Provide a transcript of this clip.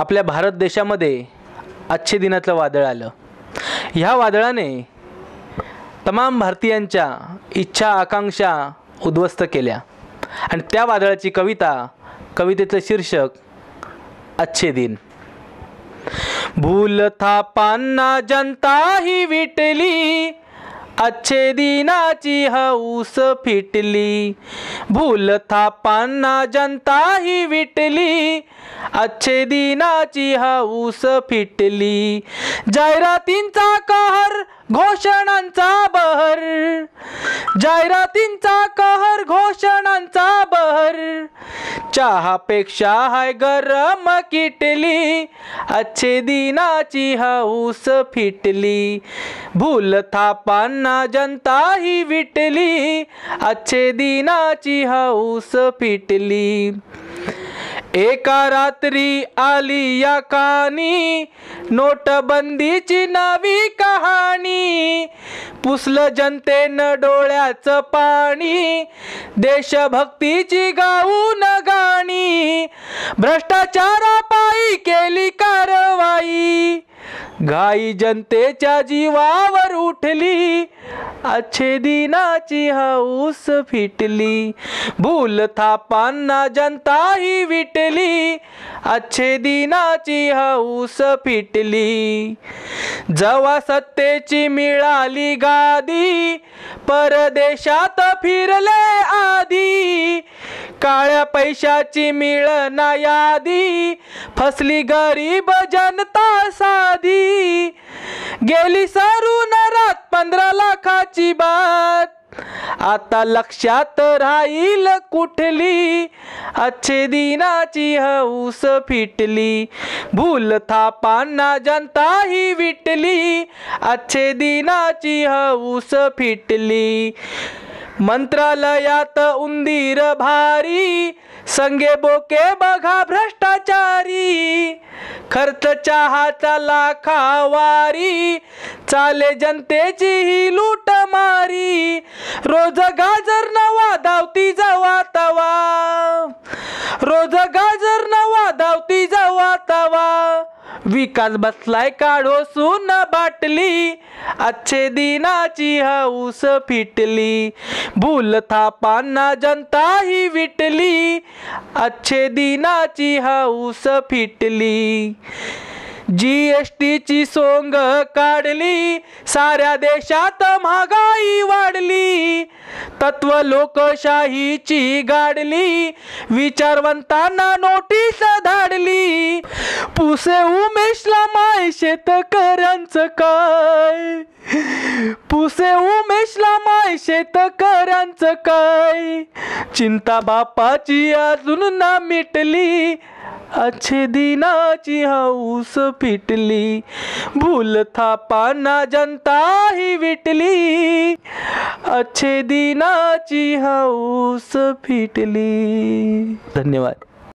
आपल्या भारत देशामध्ये अच्छे दिनाचं वादळ आलं ह्या वादळाने तमाम भारतीयांच्या इच्छा आकांक्षा उद्ध्वस्त केल्या आणि त्या वादळाची कविता कवितेचं शीर्षक अच्छे दिन भूल था पान्ना जनता ही विटली अच्छे दिनाची हौस फिटली भूल थापांना जनता ही विटली अच्छे दिनाची हौस फिटली जाहिरातींचा कहर घोषणांचा बहर जाहिरातींचा कहर घोषणांचा चहा पेक्षा हाय गरम किटली अच्छे दिनाची हौस फिटली भूल थापांना जनता ही विटली अच्छे दिनाची हौस फिटली एका रात्री आली या कानी नोटबंदीची नवी पुसलं जनतेनं डोळ्याचं पाणी देशभक्तीची गाऊन गाणी भ्रष्टाचारापायी केली कारवाई गाई जनतेच्या जीवावर उठली अच्छे दिनाची हाऊस फिटली भूल थापांना जनता ही विटली अच्छे दिनाची हाऊस फिटली जवा सत्तेची मिळाली गादी परदेशात फिरले आधी काळ्या पैशाची मिळना यादी फसली गरीब जनता साधी गेली सरून रात पंधरा लाखाची बात आता लक्षात राहील कुठली अच्छे दिनाची हौस फिटली भूल थापांना जनता ही विटली अच्छे दिनाची हौस फिटली मंत्रालयात उंदीर भारी संगे बोके बघा भ्रष्टाचारी खर्च चहाचा वारी चाले जनतेची ही लूट मारी रोज गाजर विकास बसलाय सुन बाटली अच्छे दिनाची हौस फिटली भूल थापांना जनता ही विटली अच्छे दिनाची हौस फिटली जी जीएसटीची सोंग काढली साऱ्या देशात महागाई वाढली तत्व लोकशाहीची गाडली विचारवंतांना नोटीस धाडली पुसे उमेशला माय शेतकऱ्यांच काय पुसे उमेशला माय शेतकऱ्यांच काय चिंता बापाची अजून ना मिटली अच्छे दिनाची हाऊस पिटली भूल पाना जनता ही विटली अच्छे दिनाची हाऊस फिटली धन्यवाद